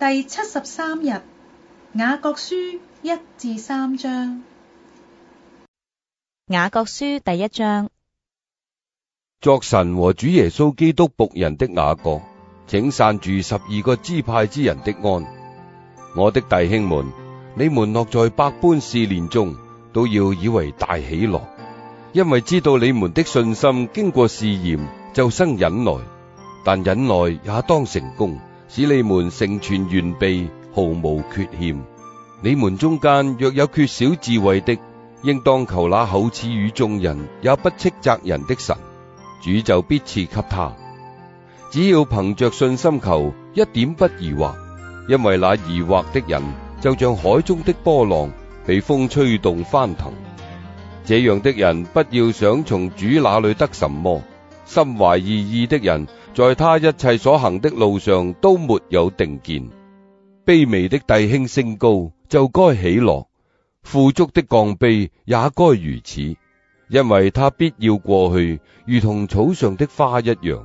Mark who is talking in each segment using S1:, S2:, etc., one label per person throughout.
S1: 第七十三日，雅各書一至三章。雅各書第一章。作神和主耶穌基督僕人的雅各，請散住十二個支派之人的安。我的弟兄們，你們落在百般試煉中，都要以為大喜樂，因為知道你們的信心經過試驗，就生忍耐。但忍耐也當成功。使你們成全完備，毫無缺欠。你們中間若有缺少智慧的，應當求那厚賜與眾人也不斥責人的神，主就必賜給他。只要憑着信心求，一點不疑惑，因為那疑惑的人，就像海中的波浪，被風吹動翻騰。這樣的人，不要想從主那裏得什麼。心懷異意的人，在他一切所行的路上都沒有定見。卑微的弟兄升高就該喜樂；富足的降卑也該如此，因為他必要過去，如同草上的花一樣。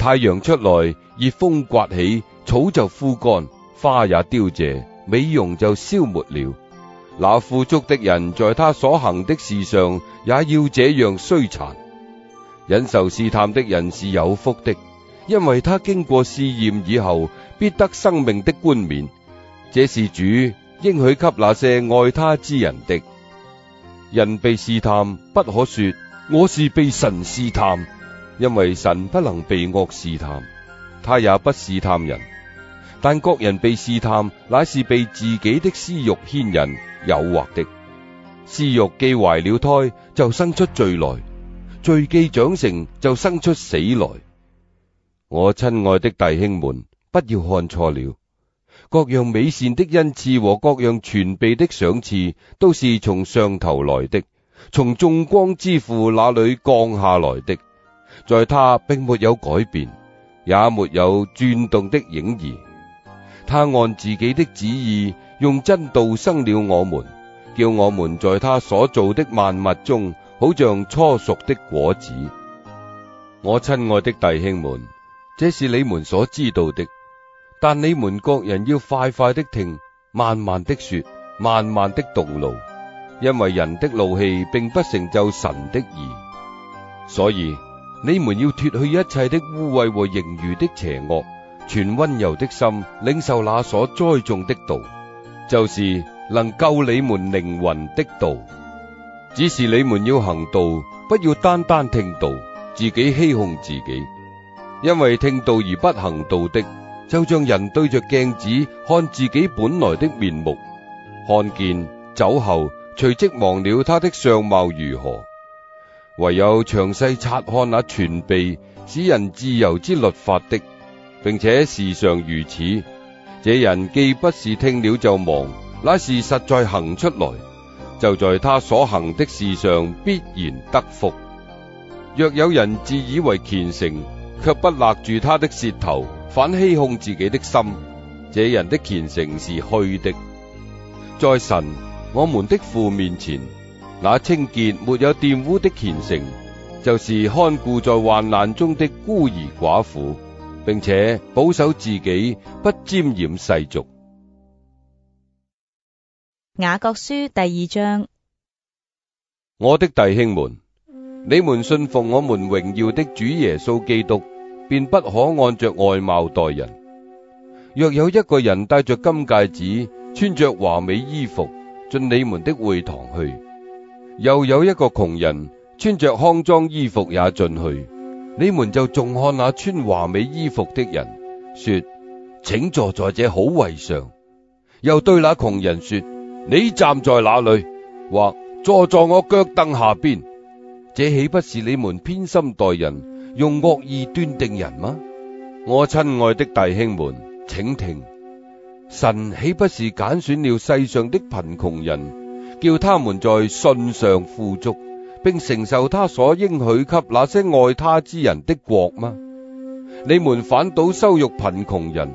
S1: 太陽出來，熱風刮起，草就枯乾，花也凋謝，美容就消沒了。那富足的人在他所行的事上也要這樣衰殘。忍受試探的人是有福的，因為他經過試驗以後，必得生命的冠冕。這是主應許給那些愛他之人的。人被試探，不可說我是被神試探，因為神不能被惡試探，他也不試探人。但各人被試探，乃是被自己的私欲牽引誘惑的。私欲既懷了胎，就生出罪來。罪既長成，就生出死來，我親愛的弟兄們，不要看錯了。各樣美善的恩賜和各樣全備的賞賜，都是從上頭來的，從眾光之父那裏降下來的。在他並沒有改變，也沒有轉動的影兒。他按自己的旨意用真道生了我們，叫我們在他所造的萬物中。好像初熟的果子，我親愛的弟兄們，這是你們所知道的，但你們各人要快快的聽，慢慢的說，慢慢的動怒，因為人的怒氣並不成就神的義。所以你們要脫去一切的污穢和盈餘的邪惡，存溫柔的心，領受那所栽種的道，就是能救你們靈魂的道。只是你們要行道，不要單單聽道，自己欺哄自己。因為聽道而不行道的，就像人對着鏡子看自己本來的面目，看見走後，隨即忘了他的相貌如何。唯有詳細察看那全備使人自由之律法的，並且時常如此，這人既不是聽了就忘，那是實在行出來。就在他所行的事上必然得福。若有人自以為虔誠，卻不勒住他的舌頭，反欺哄自己的心，這人的虔誠是虛的。在神，我們的父面前，那清潔沒有玷污的虔誠，就是看顧在患難中的孤兒寡婦，並且保守自己，不沾染世俗。雅各書第二章，我的弟兄們，你們信奉我們榮耀的主耶穌基督，便不可按着外貌待人。若有一個人帶着金戒指，穿着華美衣服，進你們的會堂去，又有一個窮人穿着骯髒衣服也進去，你們就重看那穿華美衣服的人，說：請坐在這好位上。又對那窮人說：你站在哪裏，或坐在我腳凳下邊，這豈不是你們偏心待人，用惡意斷定人嗎？我親愛的弟兄們，請聽，神豈不是揀選了世上的貧窮人，叫他們在信上富足，並承受他所應許給那些愛他之人的國嗎？你們反倒羞辱貧窮人！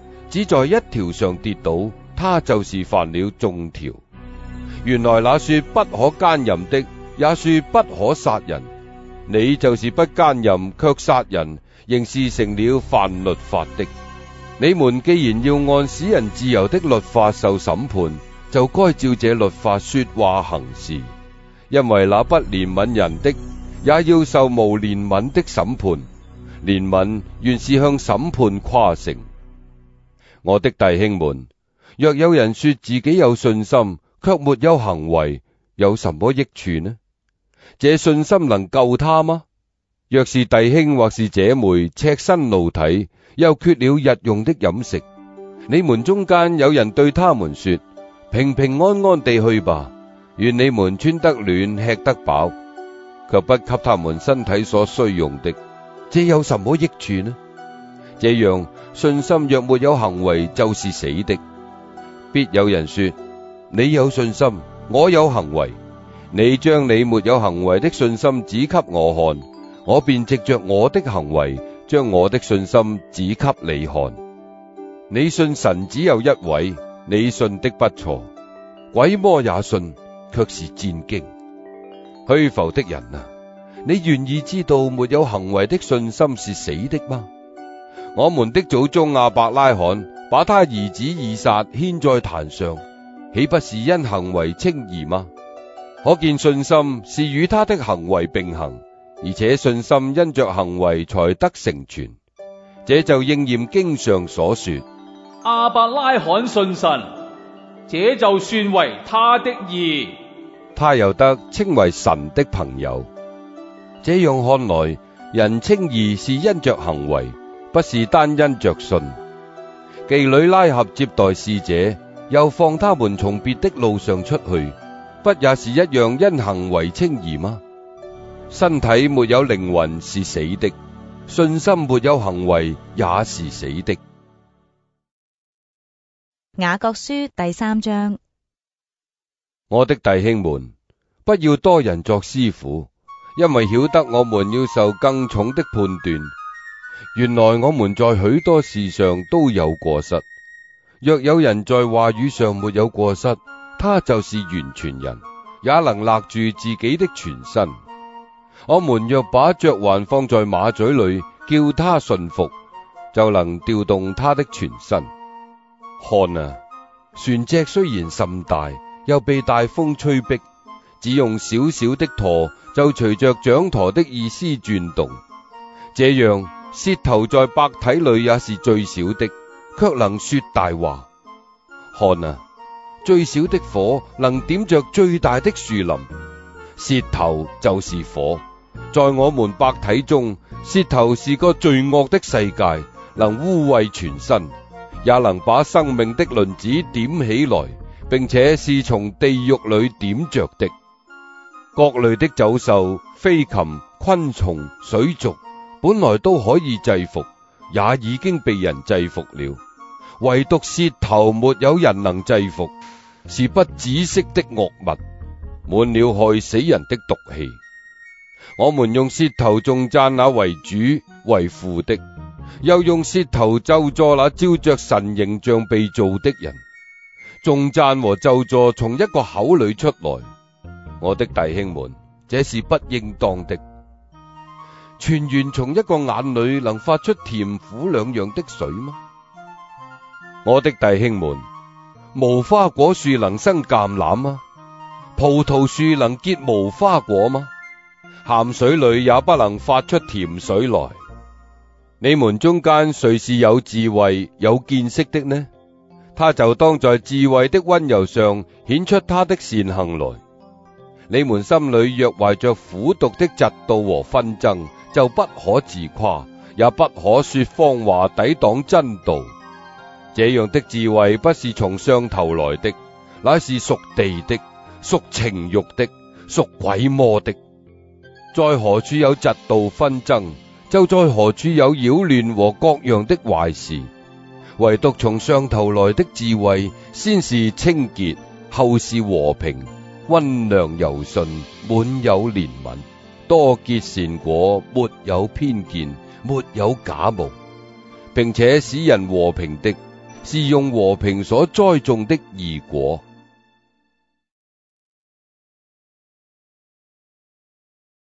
S1: 只在一條上跌倒，他就是犯了眾條。原來那說不可奸淫的，也說不可殺人。你就是不奸淫卻殺人，仍是成了犯律法的。你們既然要按使人自由的律法受審判，就該照這律法說話行事。因為那不憐憫人的，也要受無憐憫的審判。憐憫原是向審判誇勝。我的弟兄們，若有人說自己有信心，卻沒有行為，有什麼益處呢？這信心能救他嗎？若是弟兄或是姐妹赤身露體，又缺了日用的飲食，你們中間有人對他們說：平平安安地去吧，願你們穿得暖，吃得飽，卻不給他們身體所需用的，這有什麼益處呢？這樣。信心若沒有行為就是死的，必有人說，你有信心，我有行為，你將你沒有行為的信心指給我看，我便藉着我的行為將我的信心指給你看。你信神只有一位，你信的不錯，鬼魔也信，卻是戰驚。虛浮的人啊，你願意知道沒有行為的信心是死的嗎？我們的祖宗阿伯拉罕把他兒子以撒獻在壇上，豈不是因行為稱義嗎？可見信心是與他的行為並行，而且信心因着行為才得成全。這就應驗經上所說：阿伯拉罕信神，這就算為他的義。他又得稱為神的朋友。這樣看來，人稱義是因着行為。不是單因着信，妓女喇合接待使者，又放他們從別的路上出去，不也是一樣因行為稱義嗎？身體沒有靈魂是死的，信心沒有行為也是死的。雅各書第三章，我的弟兄們，不要多人作師傅，因為曉得我們要受更重的判斷。原來我們在許多事上都有過失。若有人在話語上沒有過失，他就是完全人，也能勒住自己的全身。我們若把嚼環放在馬嘴裏，叫他順服，就能調動他的全身。看啊，船隻雖然甚大，又被大風催逼，只用小小的舵，就隨着掌舵的意思轉動，這樣。舌頭在百體裏也是最小的，卻能說大話。看啊，最小的火能點着最大的樹林，舌頭就是火。在我們百體中，舌頭是個罪惡的世界，能污穢全身，也能把生命的輪子點起來，並且是從地獄裏點着的。各類的走獸、飛禽、昆蟲、水族。本來都可以制服，也已經被人制服了，唯獨舌頭沒有人能制服，是不止息的惡物，滿了害死人的毒氣。我們用舌頭頌讚那為主為父的，又用舌頭咒詛那照着神形象被造的人，頌讚和咒詛從一個口裏出來，我的弟兄們，這是不應當的。泉源從一個眼裏能發出甜苦兩樣的水嗎？我的弟兄們，無花果樹能生橄欖嗎？葡萄樹能結無花果嗎？鹹水裏也不能發出甜水來。你們中間誰是有智慧、有見識的呢？他就當在智慧的溫柔上顯出他的善行來。你們心裏若懷着苦毒的嫉妒和紛爭，就不可自誇，也不可說謊話抵擋真道。這樣的智慧不是從上頭來的，乃是屬地的、屬情慾的、屬鬼魔的。在何處有嫉妒紛爭，就在何處有擾亂和各樣的壞事。唯獨從上頭來的智慧，先是清潔，後是和平。溫良柔順，滿有憐憫，多結善果，沒有偏見，沒有假冒，並且使人和平的，是用和平所栽種的義果。